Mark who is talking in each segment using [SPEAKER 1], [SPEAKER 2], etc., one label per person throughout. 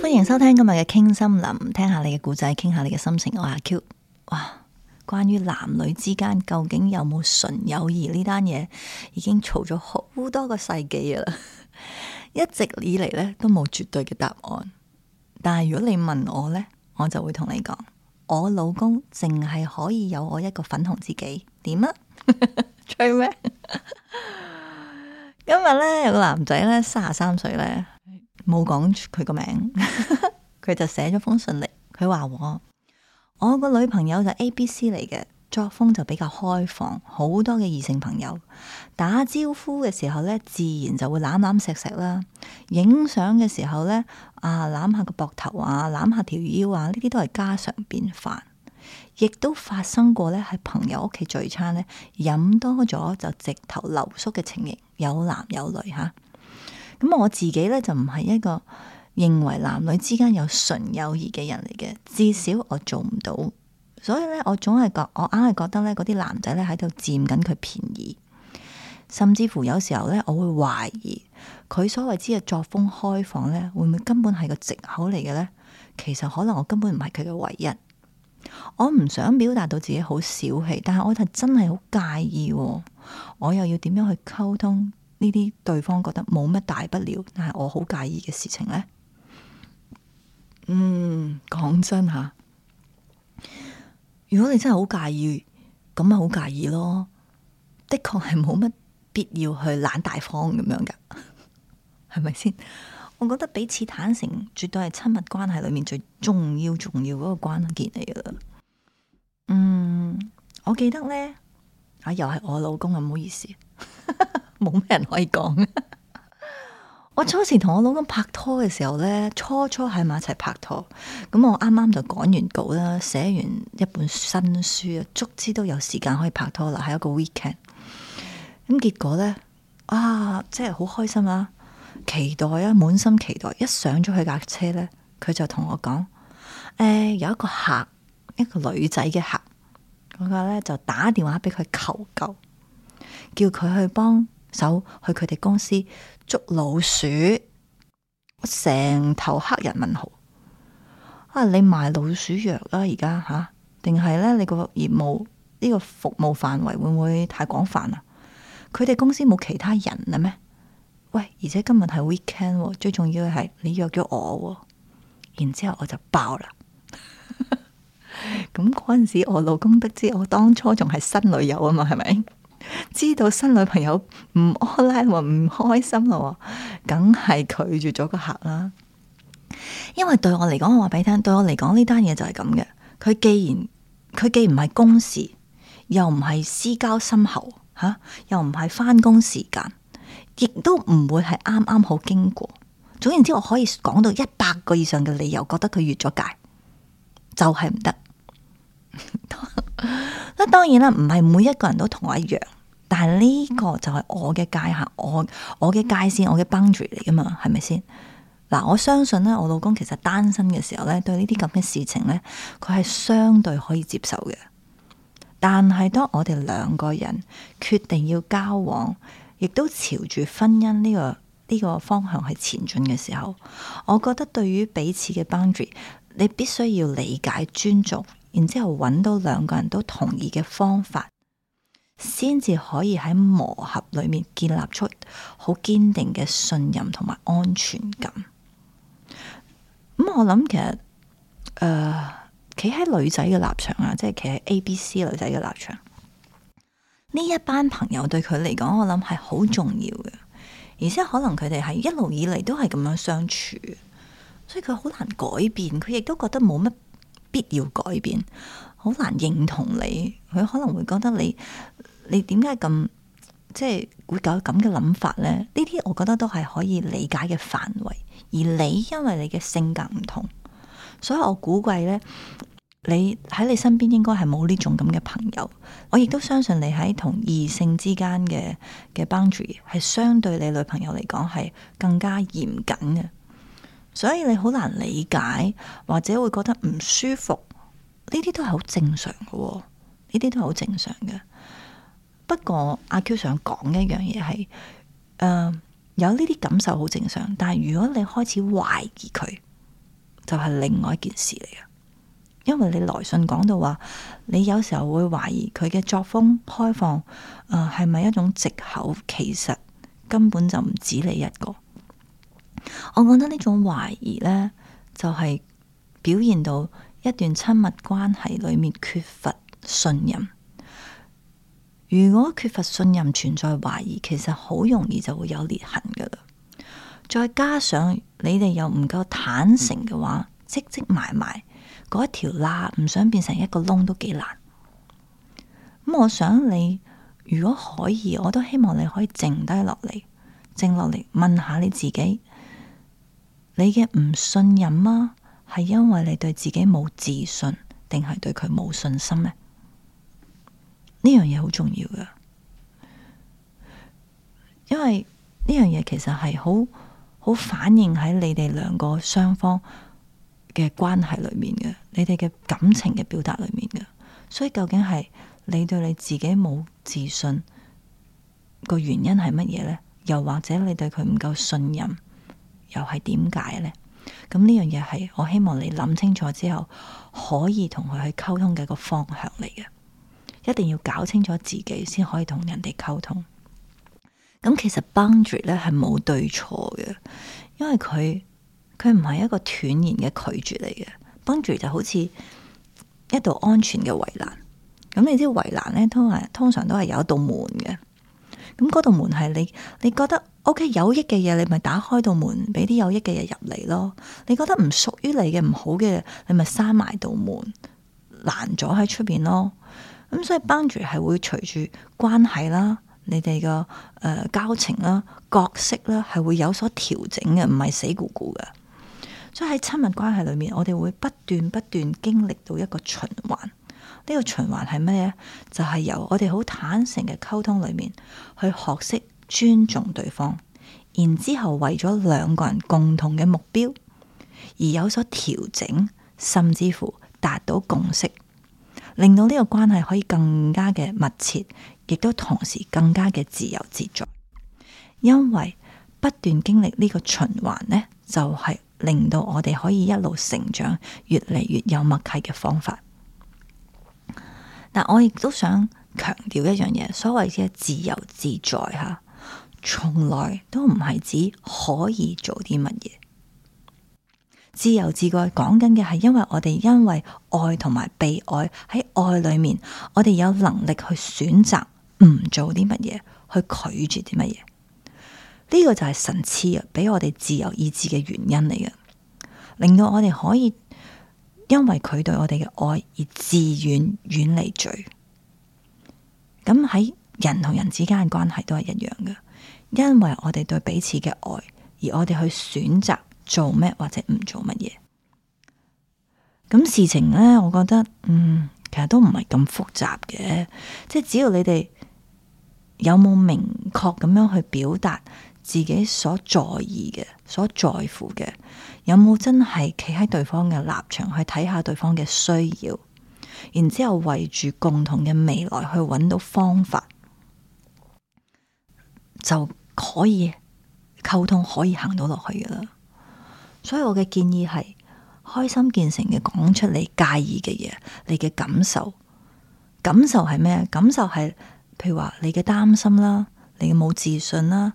[SPEAKER 1] 歡迎收聽今日嘅傾森林，聽下你嘅故仔，傾下你嘅心情。我話 Q，哇！關於男女之間究竟有冇純友誼呢單嘢，已經吵咗好多個世紀㗎啦， 一直以嚟呢都冇絕對嘅答案。但係如果你問我呢，我就會同你講，我老公淨係可以有我一個粉紅知己，點啊？吹咩？今日咧有個男仔咧，三十三歲咧，冇講佢個名，佢就寫咗封信嚟。佢話我我個女朋友就 A B C 嚟嘅，作風就比較開放，好多嘅異性朋友打招呼嘅時候咧，自然就會攬攬錫錫啦。影相嘅時候咧，啊攬下個膊頭啊，攬下條腰啊，呢啲都係家常便飯。亦都發生過咧，喺朋友屋企聚餐咧，飲多咗就直頭留宿嘅情形，有男有女吓。咁、啊、我自己咧就唔係一個認為男女之間有純友誼嘅人嚟嘅，至少我做唔到。所以咧，我總係覺我硬係覺得咧，嗰啲男仔咧喺度佔緊佢便宜，甚至乎有時候咧，我會懷疑佢所謂之嘅作風開放咧，會唔會根本係個借口嚟嘅咧？其實可能我根本唔係佢嘅唯一。我唔想表達到自己好小氣，但係我就真係好介意。我又要點樣去溝通呢啲對方覺得冇乜大不了，但係我好介意嘅事情呢？嗯，講真吓，如果你真係好介意，咁咪好介意咯。的確係冇乜必要去懶大方咁樣噶，係咪先？我覺得彼此坦誠絕對係親密關係裏面最重要重要嗰個關鍵嚟噶。嗯，我記得咧，啊又係我老公啊，唔好意思，冇 咩人可以講。 我初時同我老公拍拖嘅時候咧，初初喺埋一齊拍拖，咁我啱啱就講完稿啦，寫完一本新書啊，足之都有時間可以拍拖啦，喺一個 weekend。咁結果咧，啊，即係好開心啦、啊。.期待啊！滿心期待，一上咗佢架車呢，佢就同我講：誒、欸，有一個客，一個女仔嘅客，嗰、那個呢就打電話俾佢求救，叫佢去幫手去佢哋公司捉老鼠。我成頭黑人問號啊！你賣老鼠藥啦、啊？而家吓，定、啊、係呢？你個業務呢、這個服務範圍會唔會太廣泛啊？佢哋公司冇其他人啦咩？喂，而且今日係 weekend，最重要嘅係你約咗我，然之後我就爆啦。咁嗰陣時，我老公得知我當初仲係新女友啊嘛，係咪？知道新女朋友唔 online 唔開心啦，梗係拒絕咗個客啦。因為對我嚟講，我話俾你聽，對我嚟講呢單嘢就係咁嘅。佢既然佢既唔係公事，又唔係私交深厚，吓，又唔係翻工時間。亦都唔會係啱啱好經過。總言之，我可以講到一百個以上嘅理由，覺得佢越咗界就係唔得。咁 當然啦，唔係每一個人都同我一樣，但係呢個就係我嘅界限，我我嘅界線，我嘅 boundary 嚟噶嘛，係咪先？嗱，我相信呢，我老公其實單身嘅時候呢，對呢啲咁嘅事情呢，佢係相對可以接受嘅。但係當我哋兩個人決定要交往，亦都朝住婚姻呢個呢個方向去前進嘅時候，我覺得對於彼此嘅 boundary，你必須要理解、尊重，然之後揾到兩個人都同意嘅方法，先至可以喺磨合裏面建立出好堅定嘅信任同埋安全感。咁、嗯、我諗其實，誒、呃，企喺女仔嘅立場啊，即係企喺 ABC 女仔嘅立場。呢一班朋友對佢嚟講，我諗係好重要嘅，而且可能佢哋係一路以嚟都係咁樣相處，所以佢好難改變，佢亦都覺得冇乜必要改變，好難認同你，佢可能會覺得你，你點解咁，即係會搞咁嘅諗法呢？呢啲我覺得都係可以理解嘅範圍，而你因為你嘅性格唔同，所以我估計呢。你喺你身邊應該係冇呢種咁嘅朋友，我亦都相信你喺同異性之間嘅嘅 boundary 係相對你女朋友嚟講係更加嚴謹嘅，所以你好難理解或者會覺得唔舒服，呢啲都係好正常嘅，呢啲都係好正常嘅。不過阿 Q 想講一樣嘢係，有呢啲感受好正常，但係如果你開始懷疑佢，就係另外一件事嚟嘅。因為你來信講到話，你有時候會懷疑佢嘅作風開放，誒係咪一種藉口？其實根本就唔止你一個。我覺得呢種懷疑呢，就係表現到一段親密關係裏面缺乏信任。如果缺乏信任，存在懷疑，其實好容易就會有裂痕噶啦。再加上你哋又唔夠坦誠嘅話，積積埋埋。嗰一條罅唔想變成一個窿都幾難，咁我想你如果可以，我都希望你可以靜低落嚟，靜落嚟問下你自己，你嘅唔信任嗎？係因為你對自己冇自信，定係對佢冇信心呢？呢樣嘢好重要㗎，因為呢樣嘢其實係好好反映喺你哋兩個雙方。嘅關係裏面嘅，你哋嘅感情嘅表達裏面嘅，所以究竟係你對你自己冇自信個原因係乜嘢呢？又或者你對佢唔夠信任，又係點解呢？咁呢樣嘢係我希望你諗清楚之後，可以同佢去溝通嘅一個方向嚟嘅，一定要搞清楚自己先可以同人哋溝通。咁、嗯、其實 boundary 咧係冇對錯嘅，因為佢。佢唔係一個斷然嘅拒絕嚟嘅 boundary 就好似一道安全嘅圍欄。咁你知圍欄咧，通常通常都係有一道門嘅。咁嗰道門係你你覺得 OK 有益嘅嘢，你咪打開道門，俾啲有益嘅嘢入嚟咯。你覺得唔屬於你嘅唔好嘅，你咪閂埋道門，攔咗喺出邊咯。咁所以 boundary 係會隨住關係啦，你哋嘅誒交情啦、角色啦，係會有所調整嘅，唔係死咕咕嘅。所以喺親密關係裏面，我哋會不斷不斷經歷到一個循環。呢個循環係咩咧？就係由我哋好坦誠嘅溝通裏面，去學識尊重對方，然之後為咗兩個人共同嘅目標而有所調整，甚至乎達到共識，令到呢個關係可以更加嘅密切，亦都同時更加嘅自由自在。因為不斷經歷呢個循環呢，就係，令到我哋可以一路成長，越嚟越有默契嘅方法。但我亦都想強調一樣嘢，所謂嘅自由自在吓，從來都唔係指可以做啲乜嘢。自由自在講緊嘅係，因為我哋因為愛同埋被愛喺愛裏面，我哋有能力去選擇唔做啲乜嘢，去拒絕啲乜嘢。呢個就係神賜啊，俾我哋自由意志嘅原因嚟嘅，令到我哋可以因為佢對我哋嘅愛而自願遠，遠離罪。咁喺人同人之間嘅關係都係一樣嘅，因為我哋對彼此嘅愛，而我哋去選擇做咩或者唔做乜嘢。咁事情呢，我覺得，嗯，其實都唔係咁複雜嘅，即係只要你哋有冇明確咁樣去表達。自己所在意嘅、所在乎嘅，有冇真係企喺對方嘅立場去睇下對方嘅需要，然之後圍住共同嘅未來去揾到方法，就可以溝通，可以行到落去嘅啦。所以我嘅建議係，開心見誠嘅，講出你介意嘅嘢，你嘅感受。感受係咩？感受係，譬如話你嘅擔心啦，你嘅冇自信啦。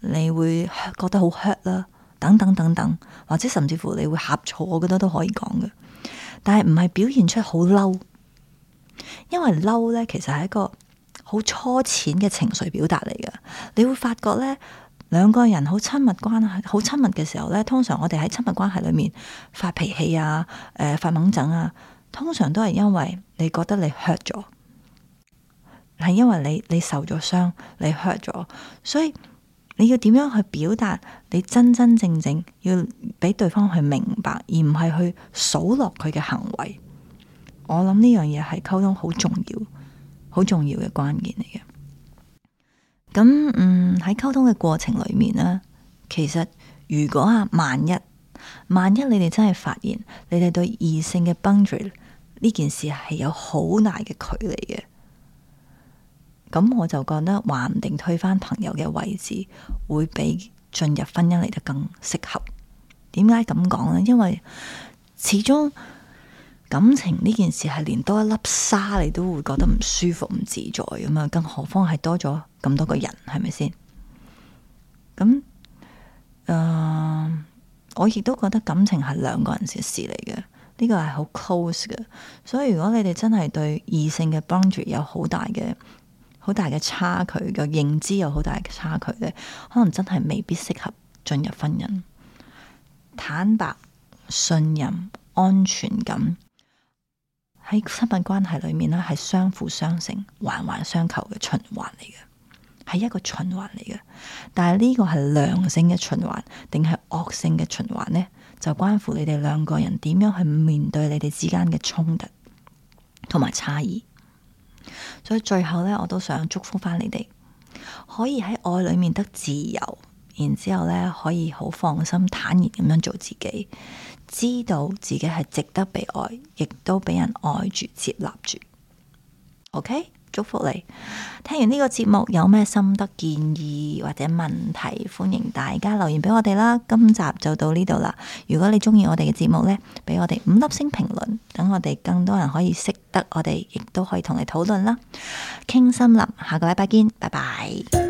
[SPEAKER 1] 你會覺得好 hurt 啦，等等等等，或者甚至乎你會呷醋，我覺得都可以講嘅。但係唔係表現出好嬲，因為嬲咧其實係一個好初淺嘅情緒表達嚟嘅。你會發覺咧，兩個人好親密關係、好親密嘅時候咧，通常我哋喺親密關係裏面發脾氣啊、誒、呃、發掹整啊，通常都係因為你覺得你 hurt 咗，係因為你你受咗傷，你 hurt 咗，所以。你要點樣去表達？你真真正正要俾對方去明白，而唔係去數落佢嘅行為。我諗呢樣嘢係溝通好重要、好重要嘅關鍵嚟嘅。咁嗯喺溝通嘅過程裏面呢，其實如果啊，萬一萬一你哋真係發現你哋對異性嘅 boundary 呢件事係有好大嘅距離嘅。咁我就覺得話唔定推翻朋友嘅位置，會比進入婚姻嚟得更適合。點解咁講呢？因為始終感情呢件事係連多一粒沙你都會覺得唔舒服、唔自在噶嘛，更何況係多咗咁多個人，係咪先？咁，誒、呃，我亦都覺得感情係兩個人嘅事嚟嘅，呢、這個係好 close 嘅。所以如果你哋真係對異性嘅 boundary 有好大嘅，好大嘅差距嘅認知有好大嘅差距咧，可能真係未必適合進入婚姻。坦白、信任、安全感喺親密關係裏面咧，係相輔相成、環環相扣嘅循環嚟嘅，係一個循環嚟嘅。但係呢個係良性嘅循環，定係惡性嘅循環咧？就關乎你哋兩個人點樣去面對你哋之間嘅衝突同埋差異。所以最後呢，我都想祝福翻你哋，可以喺愛裏面得自由，然之後呢可以好放心坦然咁樣做自己，知道自己係值得被愛，亦都畀人愛住接納住。OK？祝福你！聽完呢個節目有咩心得、建議或者問題，歡迎大家留言俾我哋啦。今集就到呢度啦。如果你中意我哋嘅節目呢，俾我哋五粒星評論，等我哋更多人可以識得，我哋亦都可以同你討論啦。傾森林，下個禮拜見，拜拜。